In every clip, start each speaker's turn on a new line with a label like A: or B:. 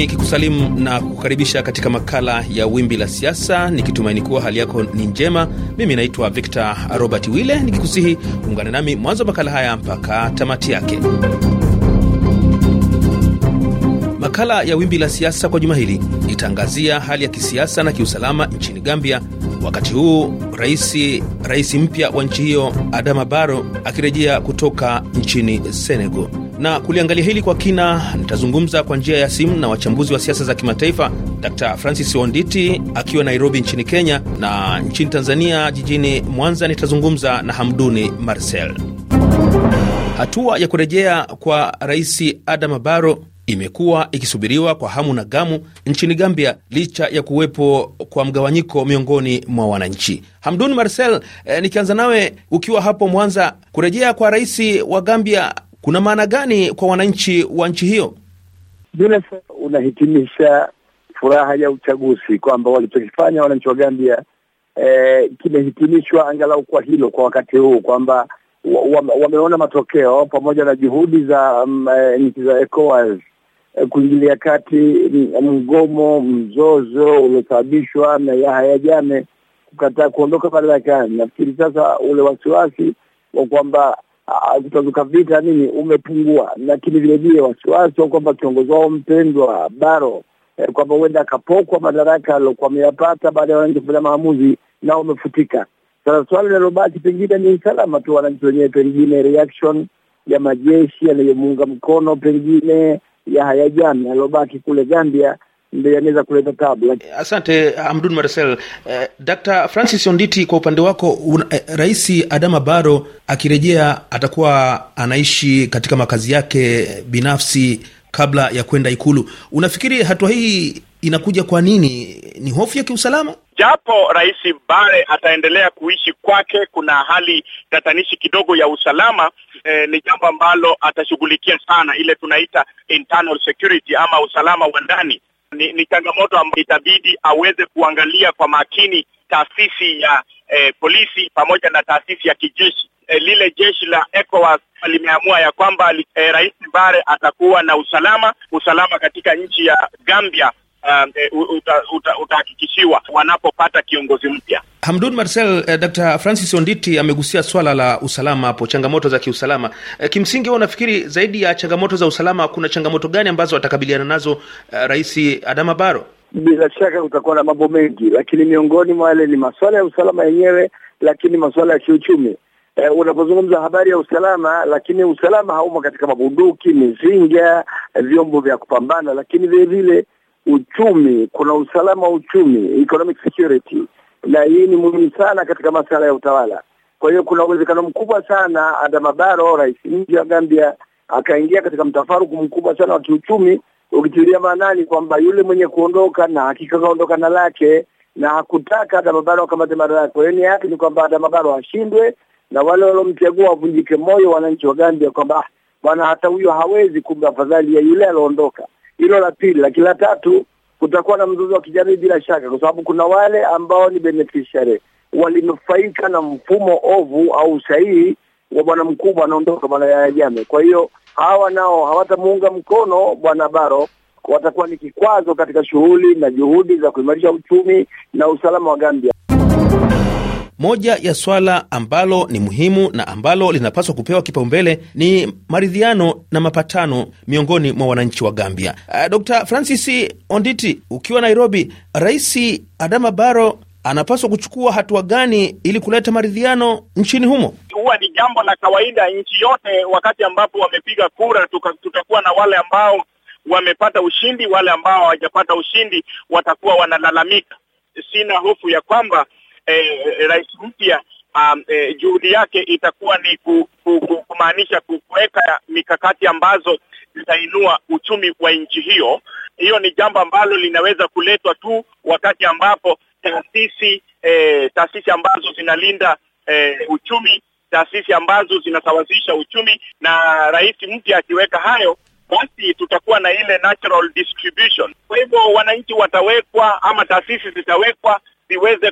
A: ni kikusalimu na kukaribisha katika makala ya Wimbi la Siasa, nikitumaini kuwa hali yako ni njema. Mimi naitwa Victor Robert wille nikikusihi kuungana nami mwanzo wa makala haya mpaka tamati yake. Makala ya Wimbi la Siasa kwa juma hili itaangazia hali ya kisiasa na kiusalama nchini Gambia, wakati huu raisi rais mpya wa nchi hiyo Adama baro akirejea kutoka nchini Senegal na kuliangalia hili kwa kina, nitazungumza kwa njia ya simu na wachambuzi wa siasa za kimataifa, Dr Francis wanditi akiwa Nairobi nchini Kenya, na nchini Tanzania jijini Mwanza nitazungumza na Hamduni Marcel. Hatua ya kurejea kwa Rais adam baro imekuwa ikisubiriwa kwa hamu na gamu nchini Gambia licha ya kuwepo kwa mgawanyiko miongoni mwa wananchi. Hamdun Marcel, eh, nikianza nawe ukiwa hapo Mwanza, kurejea kwa rais wa Gambia kuna maana gani kwa wananchi wa nchi hiyo? Bila
B: shaka unahitimisha furaha ya uchaguzi kwamba walichokifanya wananchi wa Gambia eh, kimehitimishwa angalau kwa hilo kwa wakati huu kwamba wameona wa, wa matokeo pamoja na juhudi za mm, eh, nchi za ECOWAS eh, kuingilia kati mm, mgomo mzozo uliosababishwa na Yahya Jammeh kukataa kuondoka madarakani. Nafikiri sasa ule wasiwasi wa kwamba kutazuka ah, vita nini umepungua, lakini vilevile wasiwasi wa kwamba kiongozi wao mpendwa Baro eh, kwamba huenda akapokwa madaraka aliyokuwa ameyapata baada ya wananchi kufanya maamuzi nao umefutika. Sasa swali linalobaki pengine ni usalama tu, wananchi wenyewe, pengine reaction ya majeshi yanayomuunga mkono, pengine ya hayajani
A: yaliyobaki kule Gambia ndio yanaweza kuleta tabu. Asante Hamdun uh, Marcel. Eh, Dr. Francis Onditi, kwa upande wako un, eh, Rais Adama baro akirejea atakuwa anaishi katika makazi yake binafsi kabla ya kwenda Ikulu. Unafikiri hatua hii inakuja kwa nini? Ni hofu ya kiusalama? Japo
C: Rais Bare ataendelea kuishi kwake, kuna hali tatanishi kidogo ya usalama eh, ni jambo ambalo atashughulikia sana, ile tunaita internal security ama usalama wa ndani ni, ni changamoto ambayo itabidi aweze kuangalia kwa makini taasisi ya eh, polisi pamoja na taasisi ya kijeshi eh, lile jeshi la ECOWAS limeamua ya kwamba eh, Rais Bare atakuwa na usalama usalama katika nchi ya Gambia utahakikishiwa um, eh, uta, uta wanapopata kiongozi
A: mpya. Hamdun Marcel, eh, Dr. Francis Onditi amegusia swala la usalama hapo, changamoto za kiusalama. Eh, kimsingi wewe unafikiri zaidi ya changamoto za usalama kuna changamoto gani ambazo atakabiliana nazo eh, Rais Adama Baro?
B: Bila shaka kutakuwa na mambo mengi, lakini miongoni mwa yale ni masuala ya usalama yenyewe, lakini masuala ya kiuchumi. Eh, unapozungumza habari ya usalama, lakini usalama haumo katika mabunduki, mizinga, eh, vyombo vya kupambana, lakini vilevile vile uchumi, kuna usalama wa uchumi, economic security, na hii ni muhimu sana katika masuala ya utawala. Kwa hiyo kuna uwezekano mkubwa sana Adama Barrow, rais mpya wa Gambia, akaingia katika mtafaruku mkubwa sana wa kiuchumi, ukitilia maanani kwamba yule mwenye kuondoka na hakika kaondoka na lake na hakutaka Adama Barrow akamate madaraka. Kwa yaani hiyo nia yake ni kwamba Adama Barrow ashindwe na wale waliomchagua wavunjike moyo wananchi wa Gambia kwamba ah, bwana, hata huyo hawezi, kumbe afadhali ya yule aloondoka hilo la pili. Lakini la tatu, kutakuwa na mzozo wa kijamii bila shaka, kwa sababu kuna wale ambao ni beneficiary walinufaika na mfumo ovu au usahihi wa bwana mkubwa anaondoka, bwana Yahya Jame. Kwa hiyo hawa nao hawatamuunga mkono bwana baro watakuwa ni kikwazo katika shughuli na juhudi za kuimarisha uchumi na usalama wa Gambia.
A: Moja ya swala ambalo ni muhimu na ambalo linapaswa kupewa kipaumbele ni maridhiano na mapatano miongoni mwa wananchi wa Gambia. Uh, ah, Dr. Francis Onditi, ukiwa Nairobi, Rais Adama Barrow anapaswa kuchukua hatua gani ili kuleta maridhiano nchini humo?
C: Huwa ni jambo la kawaida nchi yote, wakati ambapo wamepiga kura, tutakuwa na wale ambao wamepata ushindi, wale ambao hawajapata ushindi watakuwa wanalalamika. Sina hofu ya kwamba eh, rais mpya um, eh, juhudi yake itakuwa ni ku, ku, ku, kumaanisha kuweka mikakati ambazo zitainua uchumi wa nchi hiyo. Hiyo ni jambo ambalo linaweza kuletwa tu wakati ambapo taasisi eh, taasisi ambazo zinalinda eh, uchumi, taasisi ambazo zinasawazisha uchumi, na rais mpya akiweka hayo basi tutakuwa na ile natural distribution. Kwa hivyo wananchi watawekwa ama taasisi zitawekwa ziweze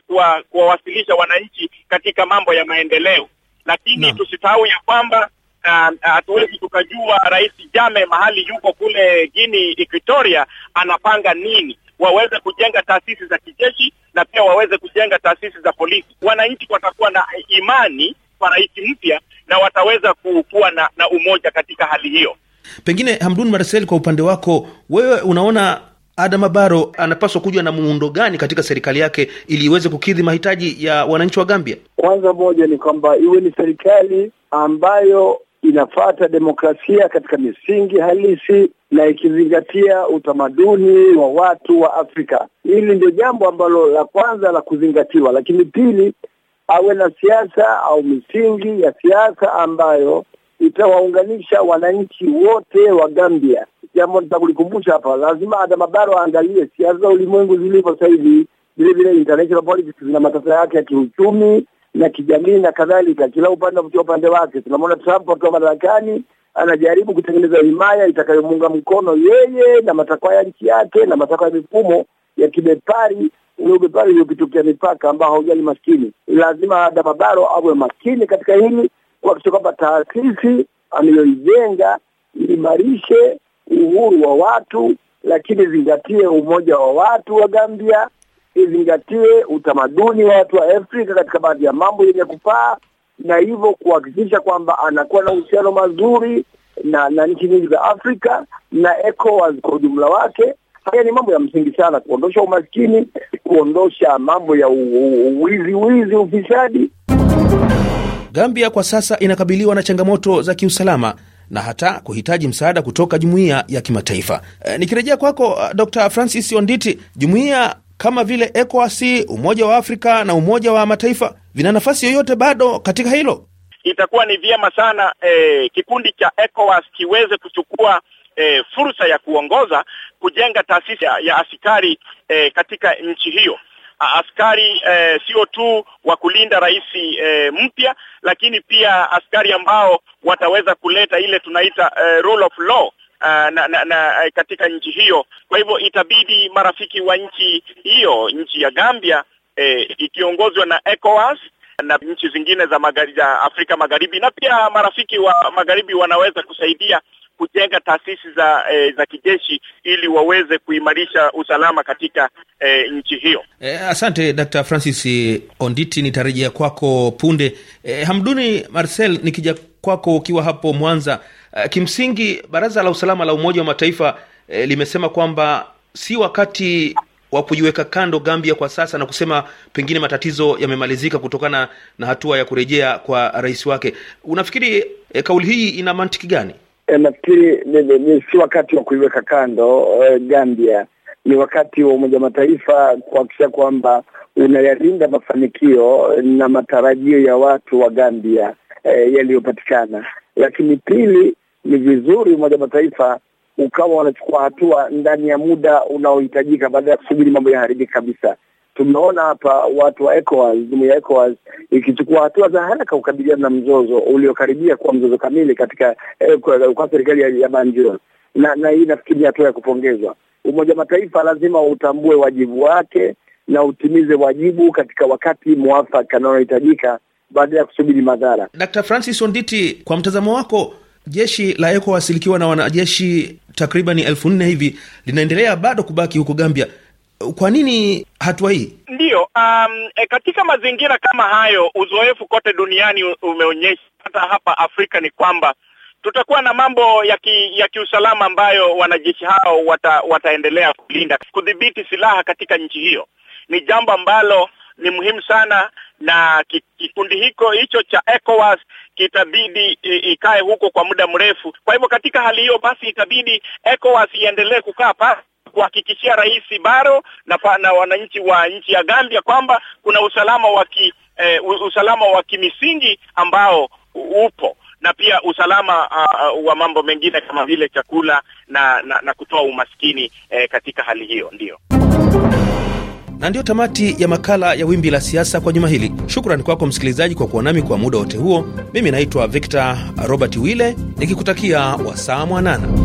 C: kuwawasilisha wananchi katika mambo ya maendeleo, lakini no. tusisahau ya kwamba ah, ah, hatuwezi tukajua Rais Jame mahali yuko kule guini Equatoria anapanga nini waweze kujenga taasisi za kijeshi na pia waweze kujenga taasisi za polisi. Wananchi watakuwa na imani kwa rais mpya na wataweza kuwa na, na umoja katika hali hiyo.
A: Pengine Hamdun Marcel, kwa upande wako wewe unaona Adama Baro anapaswa kujwa na muundo gani katika serikali yake ili iweze kukidhi mahitaji ya wananchi wa Gambia?
B: Kwanza, moja ni kwamba iwe ni serikali ambayo inafata demokrasia katika misingi halisi na ikizingatia utamaduni wa watu wa Afrika. Hili ndio jambo ambalo la kwanza la kuzingatiwa, lakini pili, awe na siasa au misingi ya siasa ambayo itawaunganisha wananchi wote wa Gambia jambo nitakulikumbusha hapa, lazima Adama Barrow aangalie siasa za ulimwengu zilivyo sasa hivi. Vile vile international politics zina matatizo yake ya kiuchumi na kijamii na kadhalika, kila upande kutia upande wake. Tunamwona Trump akiwa madarakani anajaribu kutengeneza himaya itakayomuunga mkono yeye na matakwa ya nchi yake na matakwa ya mifumo ya kibepari ule ubepari uliopitokea mipaka ambao haujali maskini. Lazima Adama Barrow awe maskini katika hili, kuhakikisha kwamba taasisi anayoijenga iimarishe uhuru wa watu, lakini izingatie umoja wa watu wa Gambia, izingatie utamaduni wa watu wa Afrika katika baadhi ya mambo yenye kupaa, na hivyo kuhakikisha kwamba anakuwa na uhusiano mazuri na na nchi nyingi za Afrika na ECOWAS kwa ujumla wake. Haya ni mambo ya msingi sana, kuondosha umaskini, kuondosha mambo ya uwizi, wizi, ufisadi.
A: Gambia kwa sasa inakabiliwa na changamoto za kiusalama na hata kuhitaji msaada kutoka jumuiya ya kimataifa. E, nikirejea kwako uh, Dr. Francis Onditi, jumuiya kama vile ECOWAS, Umoja wa Afrika na Umoja wa Mataifa vina nafasi yoyote bado katika hilo?
C: Itakuwa ni vyema sana e, kikundi cha ECOWAS kiweze kuchukua e, fursa ya kuongoza kujenga taasisi ya askari e, katika nchi hiyo askari eh, sio tu wa kulinda rais eh, mpya, lakini pia askari ambao wataweza kuleta ile tunaita eh, rule of law eh, na, na, na eh, katika nchi hiyo. Kwa hivyo itabidi marafiki wa nchi hiyo, nchi ya Gambia eh, ikiongozwa na ECOWAS na nchi zingine za, magari, za Afrika Magharibi na pia marafiki wa Magharibi wanaweza kusaidia kujenga taasisi za e, za kijeshi ili waweze kuimarisha usalama katika e, nchi hiyo.
A: E, asante Dr. Francis Onditi, nitarejea kwako punde. E, Hamduni Marcel, nikija kwako ukiwa hapo Mwanza. E, kimsingi Baraza la Usalama la Umoja wa Mataifa e, limesema kwamba si wakati wa kujiweka kando Gambia kwa sasa na kusema pengine matatizo yamemalizika kutokana na hatua ya kurejea kwa rais wake. Unafikiri e, kauli hii ina mantiki gani?
B: E, nafikiri si wakati wa kuiweka kando e, Gambia. Ni wakati wa Umoja Mataifa kuhakikisha kwamba unayalinda mafanikio na matarajio ya watu wa Gambia e, yaliyopatikana. Lakini pili, ni vizuri Umoja Mataifa ukawa wanachukua hatua ndani ya muda unaohitajika, baada ya kusubiri mambo yaharibika kabisa tumeona hapa watu wa ECOWAS, jumuiya ya ECOWAS ikichukua hatua za haraka kukabiliana na mzozo uliokaribia kuwa mzozo kamili katika eh, kwa, kwa serikali ya, ya Banjul na, na hii nafikiri ni hatua ya kupongezwa. Umoja wa Mataifa lazima utambue wajibu wake na utimize wajibu katika wakati mwafaka unaohitajika baada ya kusubiri madhara.
A: Dr. Francis Onditi, kwa mtazamo wako, jeshi la ECOWAS likiwa na wanajeshi takriban elfu nne hivi linaendelea bado kubaki huko Gambia kwa nini hatua hii?
C: Ndiyo, um, e, katika mazingira kama hayo, uzoefu kote duniani umeonyesha hata hapa Afrika ni kwamba tutakuwa na mambo ya ki, ya kiusalama ambayo wanajeshi hao wata, wataendelea kulinda kudhibiti silaha katika nchi hiyo. Ni jambo ambalo ni muhimu sana, na kikundi hiko hicho cha ECOWAS kitabidi ikae huko kwa muda mrefu. Kwa hivyo katika hali hiyo basi, itabidi ECOWAS iendelee kukaa pale kuhakikishia Rais baro na, na wananchi wa nchi ya Gambia kwamba kuna usalama wa ki, eh, usalama wa kimisingi ambao upo na pia usalama uh, wa mambo mengine kama vile chakula na, na, na kutoa umaskini
A: eh, katika hali hiyo ndio na ndiyo tamati ya makala ya Wimbi la Siasa kwa juma hili. Shukrani kwako msikilizaji kwa kuwa nami kwa muda wote huo. Mimi naitwa Victor Robert Wile nikikutakia wasaa mwanana.